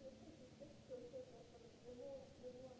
το να το